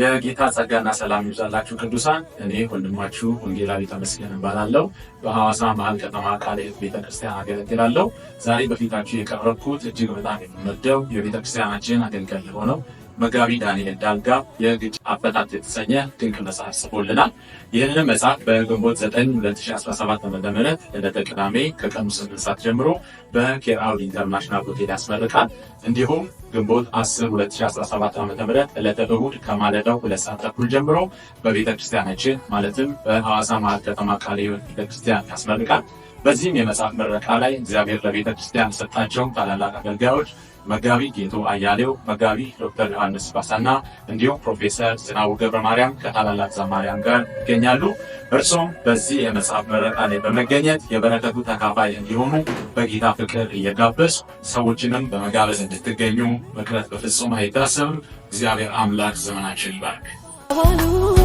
የጌታ ጸጋና ሰላም ይብዛላችሁ ቅዱሳን። እኔ ወንድማችሁ ወንጌላዊ ተመስገን እባላለሁ። በሐዋሳ መሀል ከተማ ቃለ ሕይወት ቤተክርስቲያን አገለግላለሁ። ዛሬ በፊታችሁ የቀረብኩት እጅግ በጣም የምንወደው የቤተክርስቲያናችን አገልጋይ የሆነው መጋቢ ዳንኤል ዳልጋ የግጭ አፈታት የተሰኘ ድንቅ መጽሐፍ ጽፎልናል። ይህንን መጽሐፍ በግንቦት 9 2017 ዓ ም ዕለተ ቅዳሜ ከቀኑ 8 ሰዓት ጀምሮ በኬርአውድ ኢንተርናሽናል ሆቴል ያስመርቃል። እንዲሁም ግንቦት 10 2017 ዓ ም ዕለተ እሁድ ከማለዳው ሁለት ሰዓት ተኩል ጀምሮ በቤተ ክርስቲያናችን ማለትም በሐዋሳ መሀል ከተማ ቃለ ሕይወት ቤተ ክርስቲያን ያስመርቃል። በዚህም የመጽሐፍ ምረቃ ላይ እግዚአብሔር ለቤተ ክርስቲያን ሰጣቸውን ታላላቅ አገልጋዮች መጋቢ ጌቶ አያሌው፣ መጋቢ ዶክተር ዮሐንስ ባሳና እንዲሁም ፕሮፌሰር ዝናቡ ገብረ ማርያም ከታላላቅ ዘማሪያን ጋር ይገኛሉ። እርሶም በዚህ የመጽሐፍ ምረቃ ላይ በመገኘት የበረከቱ ተካፋይ እንዲሆኑ በጌታ ፍቅር እየጋበዝ ሰዎችንም በመጋበዝ እንድትገኙ መቅረት በፍጹም አይታሰብም። እግዚአብሔር አምላክ ዘመናችን ይባርክ።